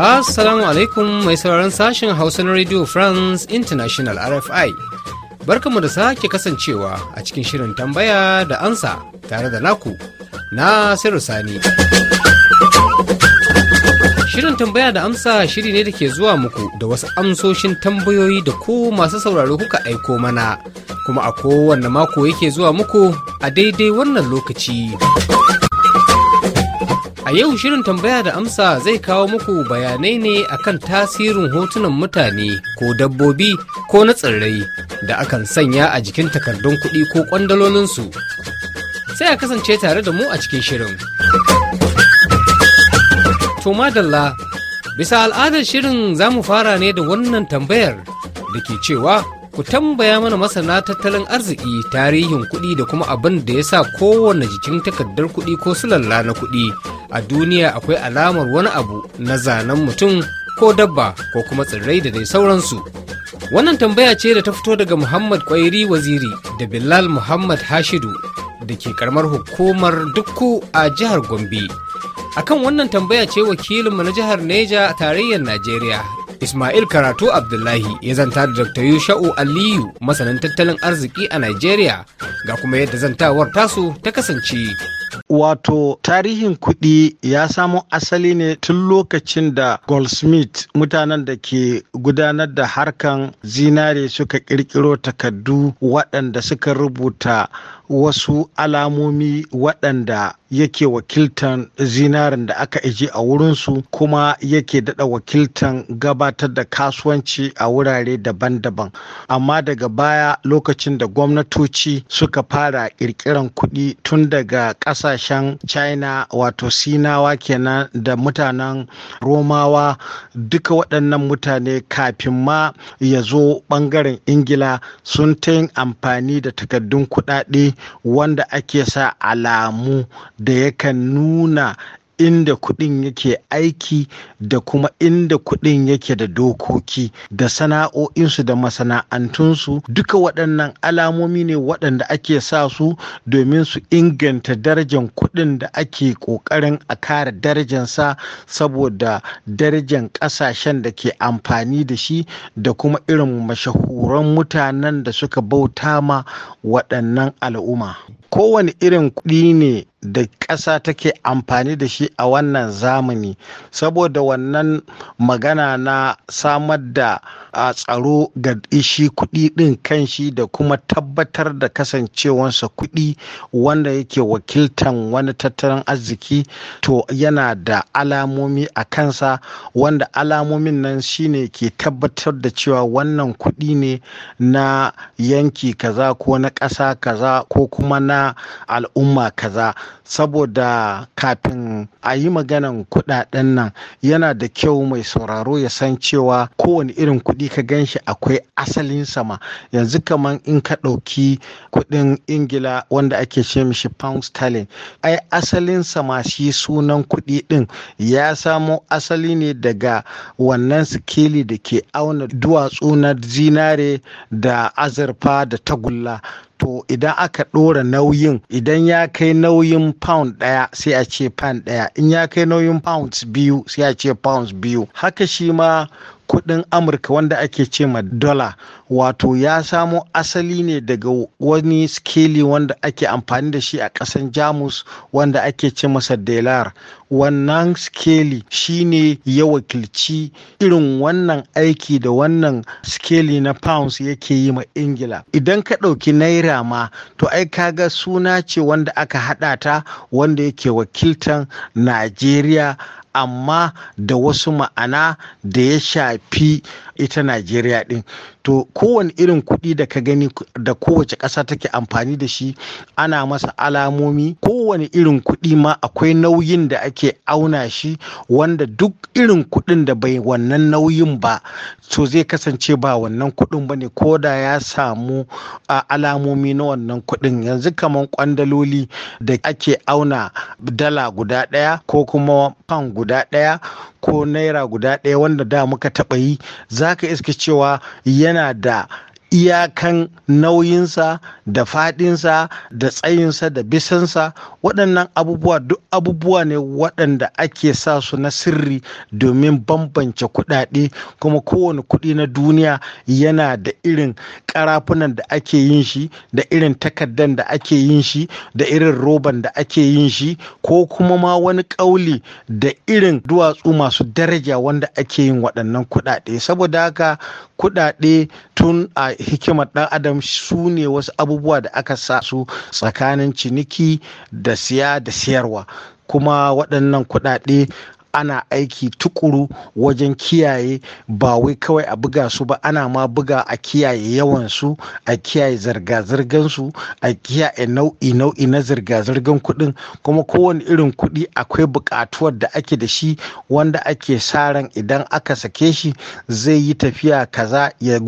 Assalamu alaikum mai sauraron sashen Hausa na Radio France International RFI. Barkanmu da sake kasancewa a cikin shirin tambaya da ansa tare da naku na Sani. Shirin tambaya da amsa shiri ne da ke zuwa muku da wasu amsoshin tambayoyi da ku masu sauraro kuka aiko mana, kuma a kowane mako yake zuwa muku a daidai wannan lokaci. A yau shirin tambaya da amsa zai kawo muku bayanai ne akan tasirin hotunan mutane ko dabbobi ko na tsirrai da akan sanya a jikin takardun kuɗi ko kwandalolinsu Sai a kasance tare da mu a cikin shirin. To madalla, bisa al'adar shirin za mu fara ne da wannan tambayar da ke cewa ku tambaya mana masana tattalin arziki tarihin kuɗi da kuma abin da ya sa kowane jikin takardar kuɗi ko sulalla na kuɗi a duniya akwai alamar wani abu na zanen mutum ko dabba ko kuma tsirrai da dai sauransu. Wannan tambaya ce da ta fito daga Muhammad Kwairi Waziri da Bilal Muhammad Hashidu da ke karamar hukumar Dukku a jihar Gombe. akan wannan tambaya ce wakilinmu na jihar neja a tarayyar najeriya Ismail Karatu Abdullahi ya zanta da Dr. Yusha'u Aliyu masanin tattalin arziki a Najeriya ga kuma yadda zantawar tasu ta kasance. Wato tarihin kuɗi ya samo asali ne tun lokacin da Goldsmith mutanen da ke gudanar da harkan zinare suka ƙirƙiro takardu waɗanda suka rubuta wasu alamomi waɗanda yake wakiltan zinarin da aka aje a wurinsu kuma yake daɗa wakiltan gabatar da kasuwanci a wurare daban-daban amma daga baya lokacin da gwamnatoci suka fara ƙirƙiran kuɗi tun daga ƙasa kasashen china wato sinawa kenan da mutanen romawa duka waɗannan mutane kafin ma ya zo ɓangaren ingila sun ta yin amfani da takaddun kuɗaɗe wanda ake sa alamu da yakan nuna inda kuɗin yake aiki da kuma inda kuɗin yake da dokoki da sana'o'insu da masana'antunsu duka waɗannan alamomi ne waɗanda ake sa su domin su inganta darajar kuɗin da ake ƙoƙarin a kare sa saboda darajar ƙasashen da ke amfani da shi da kuma irin mashahuran mutanen da suka bauta ma waɗannan al'umma. kowane irin kuɗi ne da ƙasa take amfani da shi a wannan zamani saboda wannan magana na samar da tsaro ga ishi kuɗi ɗin kanshi da kuma tabbatar da kasancewansa kuɗi wanda yake wakiltan wani tattalin arziki to yana da alamomi a kansa wanda alamomin nan shine ke tabbatar da cewa wannan kuɗi ne na yanki kaza ko na ƙasa kaza ko kuma na na al'umma kaza saboda kafin a yi maganan kuɗaɗen nan yana da kyau mai sauraro ya san cewa kowane irin kuɗi ka gan shi akwai asalin sama yanzu kaman in ka ɗauki kuɗin ingila wanda ake ce mishi pound sterling ai asalin sama shi sunan kuɗi ɗin ya samo asali ne daga wannan sikeli da ke auna duwatsu na zinare da azurfa da tagulla to idan aka ɗora nauyin idan ya kai nauyin pound ɗaya sai a ce pound ɗaya in ya kai nauyin pounds biyu sai a ce pounds biyu haka shi ma kudin amurka wanda ake ce ma dola wato ya samo asali ne daga wani skeli wanda ake amfani da shi a kasan jamus wanda ake ce masa delar wannan skeli shine ya wakilci irin wannan aiki da wannan skeli na pounds yake yi ma ingila idan ka ɗauki naira ma to ai ka ga suna ce wanda aka haɗa ta wanda yake wakiltan najeriya amma da wasu ma'ana da ya shafi ita najeriya ɗin to kowane irin kuɗi da ka gani da kowace ƙasa take amfani da shi ana masa alamomi kowane irin kuɗi ma akwai nauyin da ake auna shi wanda duk irin kuɗin da bai wannan nauyin ba to zai kasance ba wannan kuɗin ba ne ko da ya samu alamomi na wannan kuɗin yanzu kamar kwandaloli da ake auna dala guda ɗaya ko kuma fan guda ɗaya ko naira guda ɗaya wanda da muka taɓa yi za ka iska cewa yana da iyakan nauyinsa da faɗinsa da tsayinsa da bisansa waɗannan abubuwa duk abubuwa ne waɗanda ake sa su na sirri domin bambance kuɗaɗe kuma kowane kuɗi na duniya yana da irin ƙarafunan da ake yin shi da irin takardan da ake yin shi da irin roban da ake yin shi ko kuma ma wani ƙauli da irin duwatsu masu daraja wanda ake yin waɗannan kuɗaɗe saboda haka kuɗaɗe tun a hikimar ɗan adam su ne wasu abubuwa da aka sa su tsakanin ciniki da siya da siyarwa kuma waɗannan kuɗaɗe ana aiki tukuru wajen kiyaye ba wai kawai a buga su ba ana ma buga a kiyaye yawansu a kiyaye zirga-zirgansu a kiyaye nau'i-nau'i na zirga-zirgan kuɗin kuma kowane irin kuɗi akwai buƙatuwar da ake da shi wanda ake sa ran idan aka sake shi zai yi tafiya kaza ya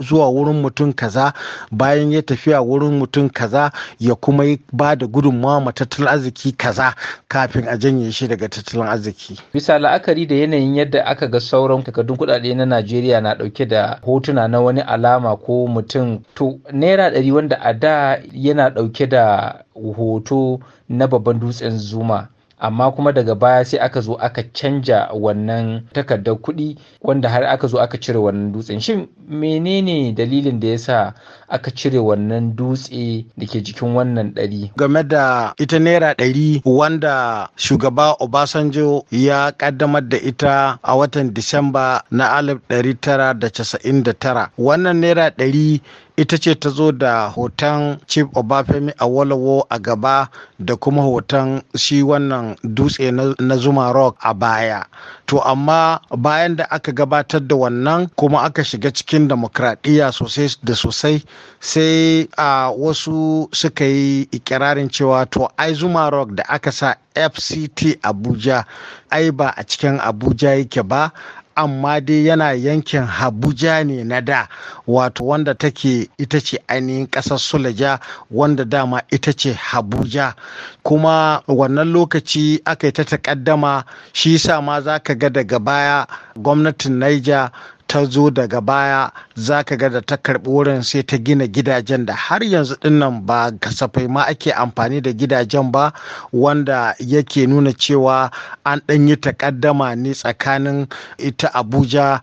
zuwa wurin mutum kaza bayan ya tafiya wurin mutum kaza ya kuma ba da gudunmawa ma tattalin arziki kaza kafin a janye shi daga tattalin arziki. bisa la'akari da yanayin yadda aka ga sauran takardun kuɗaɗe na najeriya na ɗauke da hotuna na wani alama ko mutum to naira ɗari wanda a da yana ɗauke da hoto na babban dutsen zuma amma kuma daga baya sai aka zo aka canja wannan takardar kuɗi wanda har aka zo aka cire wannan dutsen shin menene dalilin da ya sa aka cire wannan dutse da ke jikin wannan ɗari. Game da ita naira ɗari wanda shugaba Obasanjo ya ƙaddamar da ita a watan Disamba na alif da da casa'in tara, Wannan naira ɗari ita ce ta zo da hoton chief obafemi a awolowo a gaba da kuma hoton shi wannan dutse na zuma rock a baya to amma bayan da aka gabatar da wannan kuma aka shiga cikin demokradiyya sosai da sosai sai a wasu suka yi ikirarin cewa to ai zuma rock da aka sa fct abuja ai ba a cikin abuja yake ba amma dai yana yankin habuja ne na da wato wanda take ita ce ainihin ƙasar sulaja wanda dama ita ce habuja kuma wannan lokaci aka yi ta takaddama shi sa ma za ka ga daga baya gwamnatin niger ta zo daga baya za ka ga da ta karɓi wurin sai ta gina gidajen da har yanzu dinnan ba kasafai ma ake amfani da gidajen ba wanda yake nuna cewa an ɗan yi takaddama ne tsakanin ita abuja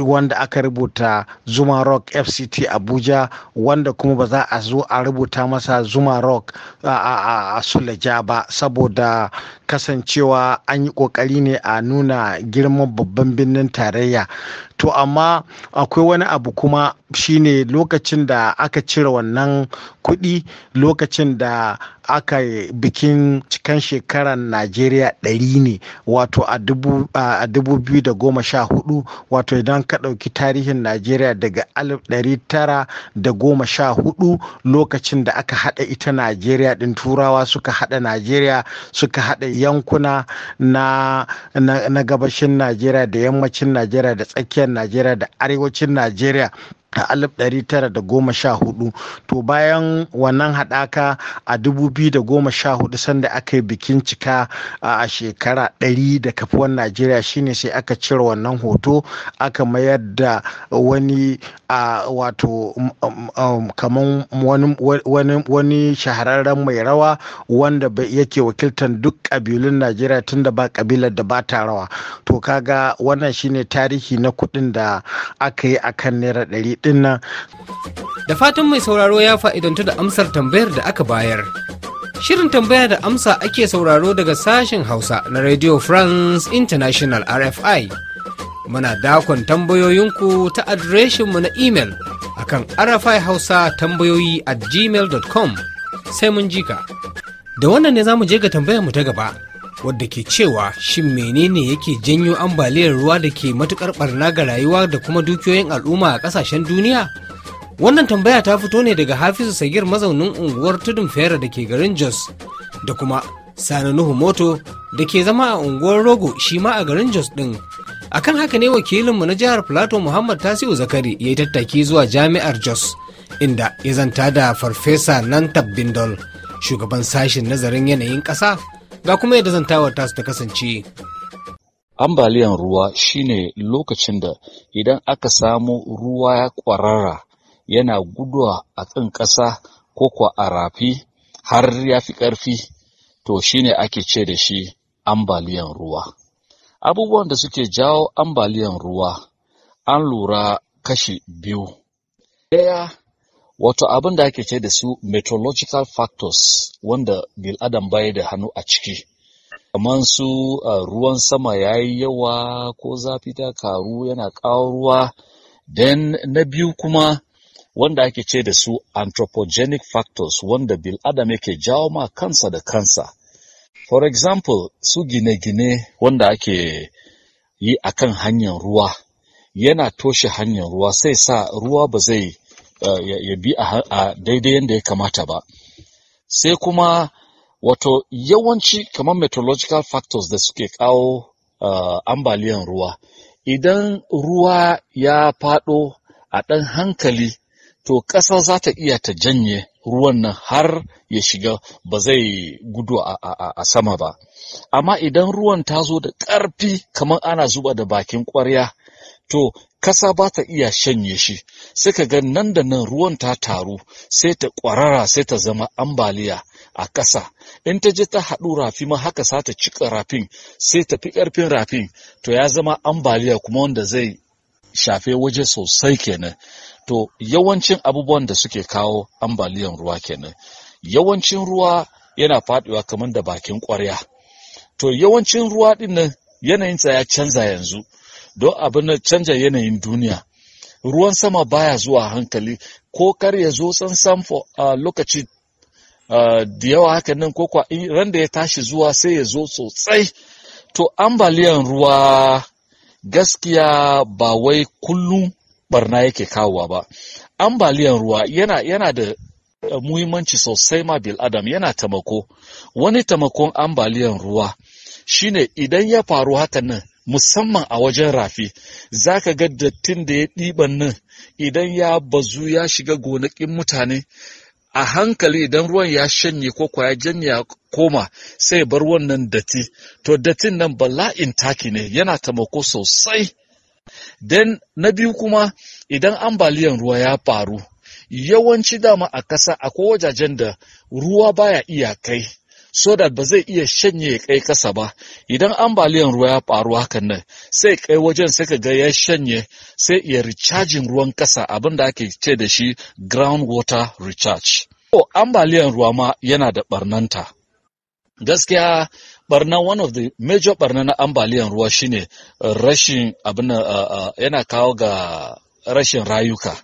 wanda aka rubuta zuma rock fct abuja wanda kuma ba za a zo a rubuta masa zuma rock a suleja ba saboda kasancewa an yi kokari ne a nuna girman babban birnin tarayya to amma akwai wani abu kuma shine lokacin da aka cire wannan kuɗi lokacin da aka yi bikin cikan shekaran najeriya ɗari ne wato a dubu biyu da goma sha hudu wato idan ka ɗauki tarihin najeriya daga alif ɗari tara da goma sha hudu lokacin da aka haɗa ita najeriya ɗin turawa suka haɗa najeriya suka haɗa yankuna na, na, na gabashin najeriya da yammacin najeriya da tsakiyar najeriya da arewacin najeriya a 1914 to bayan wannan haɗaka a 2014 sanda aka yi bikin cika a shekara 100 da kafuwan najeriya shine sai aka cire wannan hoto aka mayar da wani a wato kaman wani shahararren mai rawa wanda yake wakiltar duk ƙabilun najeriya tunda ba ƙabilar da ba ta rawa to kaga wannan shine tarihi na kuɗin da aka yi akan naira 100 ɗin Da fatan mai sauraro ya fa'idantu da amsar tambayar da aka bayar. Shirin tambaya da amsa ake sauraro daga sashen Hausa na Radio France International RFI. Muna dakon tambayoyinku ta adireshinmu na imel akan RFI Hausa tambayoyi at gmail.com sai mun jika. Da wannan ne za mu je ga tambayar mu ta gaba. wadda ke cewa shin menene yake janyo ambaliyar ruwa da ke matukar barna ga rayuwa da kuma dukiyoyin al'umma a kasashen duniya wannan tambaya ta fito ne daga hafizu sagir mazaunin unguwar tudun fera da ke garin jos da kuma sani nuhu moto da ke zama a unguwar rogo shi ma a garin jos din akan haka ne wakilinmu na jihar plateau muhammad tasiu zakari ya yi tattaki zuwa jami'ar jos inda ya zanta da farfesa nan tabbindol shugaban sashen nazarin yanayin ƙasa Ga kuma yadda zantawar tasu ta kasance. Ambaliyan ruwa shine lokacin da idan aka samu ruwa ya ƙwarara yana guduwa a kan ƙasa ko kuwa a rafi har ya fi ƙarfi to shine ake ce da shi ambaliyan ruwa. Abubuwan da suke jawo ambaliyan ruwa an lura kashi biyu. Ɗaya wato abin da ake ce da su meteorological factors wanda bil'adan baya da hannu a ciki kamar su uh, ruwan sama ya yi yawa ko zafi ta karu yana ƙaruwa den na biyu kuma wanda ake ce da su anthropogenic factors wanda bil'adam yake jawo ma kansa da kansa for example su gine-gine wanda ake yi akan hanyar ruwa yana toshe hanyar ruwa sai sa ruwa ba zai ya bi a daidai yadda ya kamata ba sai kuma wato yawanci kamar meteorological factors da suke kawo uh, ambaliyan ruwa idan ruwa ya faɗo a ɗan hankali to ƙasa za ta iya ta janye ruwan nan har ya shiga ba zai gudu a, a, a sama ba amma idan ruwan ta zo da ƙarfi kamar ana zuba da bakin ƙwarya to kasa ba ta iya shanye shi sai ka ga nan da nan ruwan ta taru sai ta ƙwarara sai ta zama ambaliya a ƙasa in ta je ta haɗu rafi ma haka sa ta cika rafin sai ta fi ƙarfin rafin to ya zama ambaliya kuma wanda zai shafe waje sosai kenan to yawancin abubuwan da suke kawo ambaliyan ruwa kenan yawancin ruwa yana faɗiwa kamar da bakin ƙwarya to yawancin ruwa ɗin nan yanayinsa ya canza yanzu don abin na canja yanayin duniya ruwan sama baya zuwa hankali ko kar ya zo tsantsan a lokaci da yawa haka nan ko kwa ran da ya tashi zuwa sai ya zo sosai to ambaliyan ruwa gaskiya ba wai kullum barna yake kawowa ba ambaliyan ruwa yana da muhimmanci sosai ma bil adam yana tamako wani tamakon ambaliyan ruwa shine idan ya faru haka nan musamman a wajen rafi za ka ga dattin da ya ɗiban nan idan ya bazu ya shiga gonakin mutane a hankali idan ruwan ya shanye ko kwa ya ya koma sai bar wannan datti to dattin nan bala'in taki ne yana taimako sosai den na biyu kuma idan ambaliyan ruwa ya faru yawanci dama a ƙasa akwai wajajen da ruwa baya iya kai so da ba zai iya shanye ya kai kasa ba idan ambaliyan ruwa ya faru hakan nan sai kai wajen sai ka ga ya shanye sai iya ricajin ruwan kasa abin da ake ce da shi ground water recharge to ambaliyan ruwa ma yana da barnanta gaskiya barna one of the major barna na ambaliyan ruwa shine rashin abin yana kawo ga rashin rayuka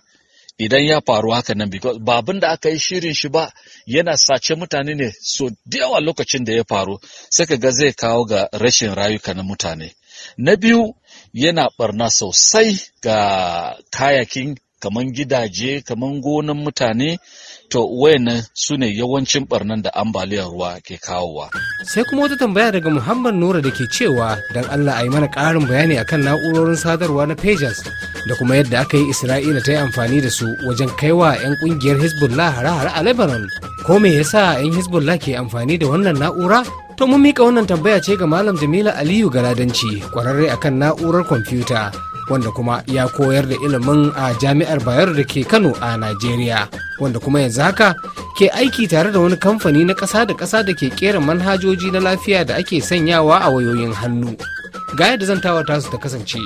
idan ya faru haka nan because ba abin da aka yi shirin shi ba yana sace mutane ne so da yawa lokacin da ya faru sai ka ga zai kawo ga rashin rayuka na mutane na biyu yana barna sosai ga kayakin kaman gidaje kaman gonan mutane To wayannan su ne yawancin barnan da ambaliyar ruwa ke kawowa. Sai kuma wata tambaya daga Muhammad Nura da ke cewa don Allah a yi mana ƙarin bayani akan na'urorin sadarwa na Pages da kuma yadda aka yi Isra'ila ta yi amfani da su wajen kaiwa 'yan ƙungiyar Hezbollah hare-hare a Lebanon. Ko me yasa 'yan Hezbollah ke amfani da wannan na'ura? To mun mika wannan tambaya ce ga Malam Jamila Aliyu Galadanci, ƙwararre akan na'urar kwamfuta. wanda kuma ya koyar da ilimin a jami'ar bayero da ke kano a najeriya wanda kuma yanzu haka ke aiki tare da wani kamfani na ƙasa da ƙasa da ke ƙera manhajoji na lafiya da ake sanyawa a wayoyin hannu ga yadda tawata tasu ta kasance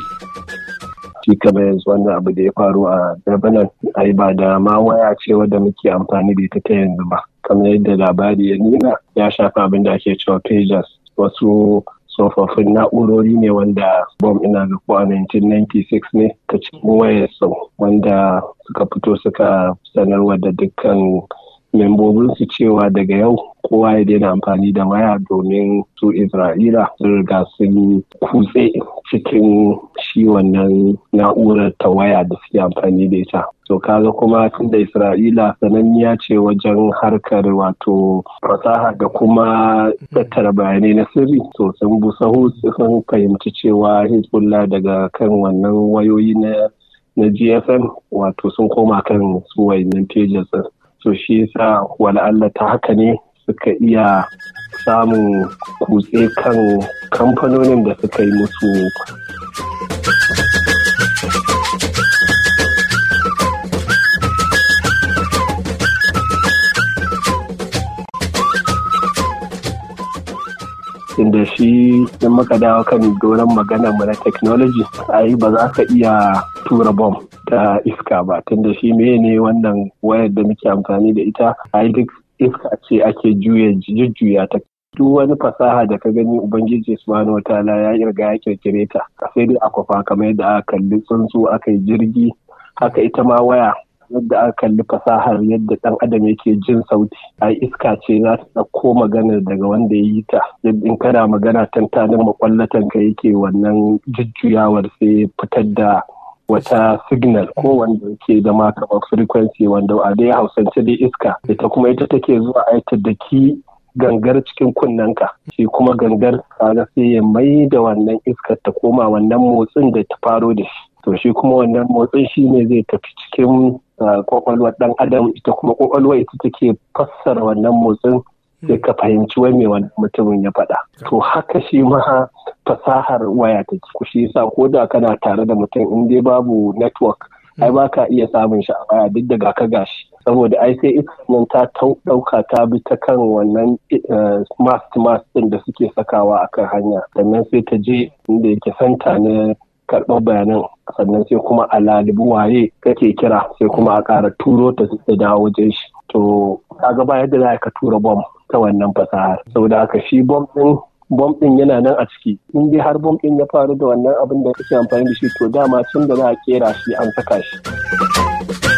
shi kamar yanzu wannan abu da ya faru a Lebanon ai ba da ma waya ce wadda muke amfani da ita ta yanzu ba kamar yadda labari ya nuna ya shafi abin da ake cewa pages wasu tsofaffin na'urori ne wanda bom ina ga ko a 1996 ne ta cikin sau wanda suka fito suka sanarwa da dukkan membobin su cewa daga yau kowa ya daina amfani da waya domin su isra'ila sun riga sun kutse cikin shi wannan na'urar ta waya da suke amfani da ita to kaga kuma tun da isra'ila sananniya ce wajen harkar wato fasaha da kuma tattara bayanai na sirri to sun busahu sun fahimci cewa hezbollah daga kan wannan wayoyi na na gsm wato sun koma kan su wayannan pages so shi yasa wani Allah ta haka ne suka iya samun kutse kan kamfanonin da suka yi musu da shi in muka dawo kan doron magana mana technology ai ba za ka iya tura bom ta iska ba tunda shi ne wannan wayar da muke amfani da ita ai duk iska ce ake juya jujjuya ta duk wani fasaha da ka gani ubangiji subhanahu wataala ya irga ya kirkire ta sai dai akwafa kamar yadda aka kalli tsuntsu aka yi jirgi haka ita ma waya yadda aka kalli fasahar yadda ɗan adam yake jin sauti a iska ce za ta ɗauko maganar daga wanda ya yi ta in kana magana tantanin makwallatan ka yake wannan jujjuyawar sai fitar da wata signal ko wanda ke maka kamar frequency wanda a dai hausance dai iska ita kuma ita take zuwa aita da ki gangar cikin kunnenka shi kuma gangar kaga sai ya mai da wannan iskar ta koma wannan motsin da ta faro da shi to shi kuma wannan motsin shi ne zai tafi cikin kwakwalwar dan adam ita kuma kwakwalwa ita take fassara wannan motsin sai ka fahimci wai me wani mutumin ya faɗa to haka shi ma fasahar waya ta ku shi yasa ko da kana tare da mutum in dai babu network ai ba ka iya samun shi a waya duk da ga gashi saboda ai sai nan ta ɗauka ta bi ta kan wannan eh, mast mast ɗin da suke sakawa akan hanya sannan sai ta je inda yake santa na karɓar bayanan sannan sai kuma a lalibu waye kake kira sai kuma a ƙara turo ta da dawo wajen shi to ga ba yadda za ka tura bom ta wannan fasahar saboda haka shi bom ɗin bom ɗin yana nan a ciki in dai har bom ɗin ya faru da wannan abin da kake amfani da shi to dama tun da za a kera shi an saka shi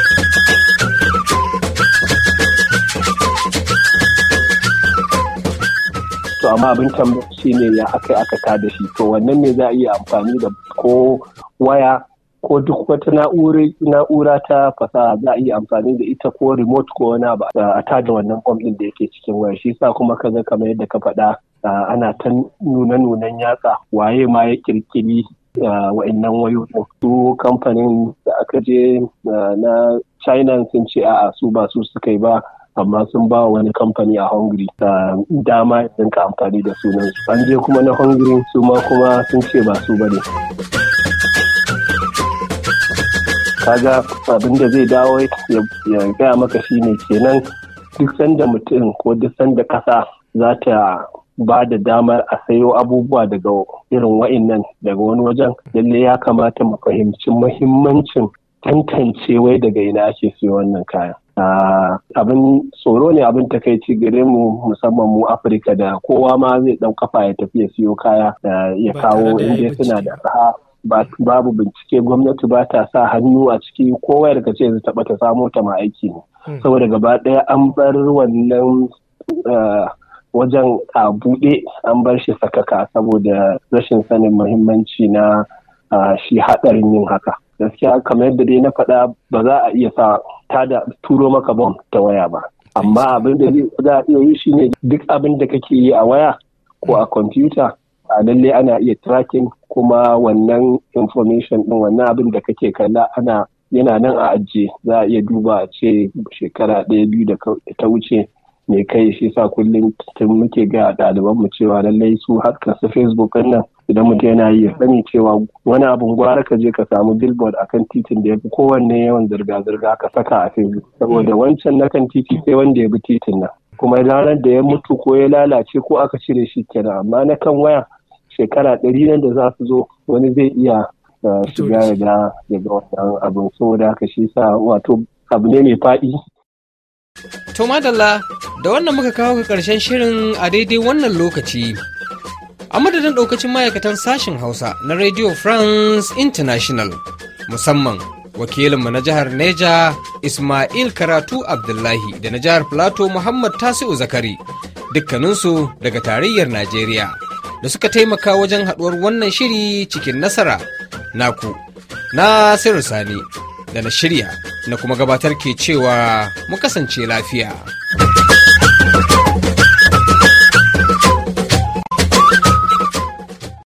to amma abin tambaya ne ya aka aka tada shi to wannan ne za a iya amfani da ko waya ko duk wata na'ura ta fasaha za a iya amfani da ita ko remote ko wani ba a tada wannan bom din da yake cikin waya shi sa kuma ka kaga kamar yadda ka faɗa ana ta nuna-nunan yatsa waye ma ya kirkiri wa'annan wayoyin su kamfanin da aka je na china sun ce a su ba su suka yi ba amma sun ba wani kamfani a hungary da dama ya ka amfani da sunan su an je kuma na hungary su ma kuma sun ce ba su bane kaga abin da zai dawo ya gaya maka shine kenan duk sanda mutum ko duk sanda kasa za ta ba da damar a sayo abubuwa daga irin wa'in nan? daga wani wajen lalle ya kamata mu fahimci muhimmancin tantance wai daga ina ake siyo wannan kayan. Ah, abin tsoro ne abin takaici gare mu musamman mu afirka da kowa ma zai ɗan kafa ya tafi ya siyo kaya ya kawo inda suna da arha babu bincike gwamnati ba ta sa hannu a ciki kowa daga ce zai taɓa ta samo ta ma aiki ne hmm. saboda gaba ɗaya an bar wannan ah, wajen a buɗe an bar shi sakaka saboda rashin sanin muhimmanci na ah, shi haɗarin yin haka. gaskiya kamar yadda dai na faɗa ba za a iya sa ta da turo maka bom ta waya ba amma abin da za a iya yi shine duk abin da kake yi a waya ko a kwamfuta a lalle ana iya tracking kuma wannan information din wannan abin da kake kalla ana yana nan a ajiye za a iya duba a ce shekara ɗaya biyu da ta wuce mai kai shi sa kullum tun muke ga ɗaliban mu cewa lallai su haska su facebook nan idan mutum yana yi sani cewa wani abun gwara ka je ka samu billboard a kan titin da ya fi kowanne yawan zirga-zirga ka saka a facebook saboda mm. wancan na kan titi sai wanda ya bi titin nan kuma ranar da ya mutu ko ya lalace ko aka cire shi kenan amma na kan waya shekara ɗari nan da za su zo wani zai iya eh, shiga ya daga wannan abin saboda haka shi sa wato abu ne mai faɗi. To madalla da wannan muka kawo ga ƙarshen shirin a daidai wannan lokaci a madadin ɗaukacin ma'aikatan sashen hausa na radio france international musamman wakilinmu na jihar neja ismail karatu abdullahi da na jihar plateau muhammad tasi'u zakari dukkaninsu daga tarayyar najeriya da suka taimaka wajen haɗuwar wannan shiri cikin nasara naku nasiru sani da na shirya na kuma gabatar ke cewa mu kasance lafiya.